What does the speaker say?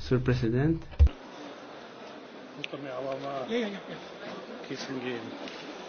Sir President. Yeah, yeah, yeah. Kissing game.